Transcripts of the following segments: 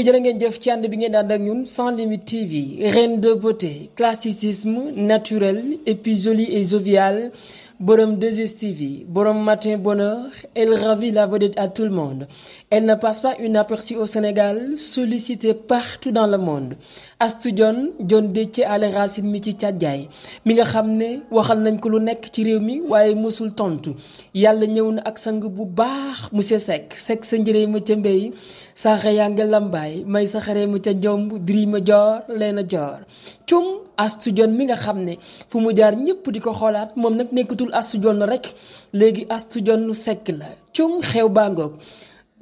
mbokk yi jërë ngeen jëf ci ànd bi ngeen daan ak ñun sans limite TV reine de beauté classicisme naturel et puis jolie et jovial borom 2STV borom matin bonheur elle ravit la vedette à tout le monde elle ne passe pas inaperçue au Sénégal sollicitée partout dans le monde Astou Dione Dione Déthié Allé Racine mi ci càjjaay mi nga xam ne waxal nañ ko lu nekk ci réew mi waaye mosul tontu yàlla ñëw na ak sang bu baax monsieur Seck Seck sa njëree ma ca mbéy saxa yaa nga lambaay may saxaree ma ca njomb birima joor leena joor cum Astou Dione mi nga xam ne fu mu jaar ñëpp di astu jonn rekk léegi astu jonn sekk la cum xew baa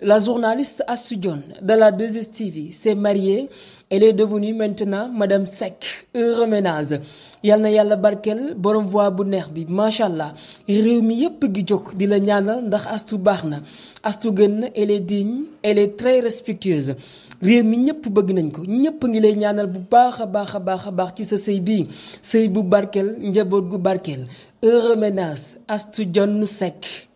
La journaliste Assoudjon de la 2STV s'est mariée. Elle est devenue maintenant Madame Seck heure ménage yal na yàlla barkeel borom voix bu neex bi macha allah réew mi yépp gi jóg di la ñaanal ndax astu baax na astu gën na elle est digne elle est très respectueuse réew mi ñëpp bëgg nañ ko ñëpp ngi lay ñaanal bu baax a baax a baax a baax ci sa sëy bi sëy bu barkeel njaboot gu barkeel heure ménage Assoudjon Seck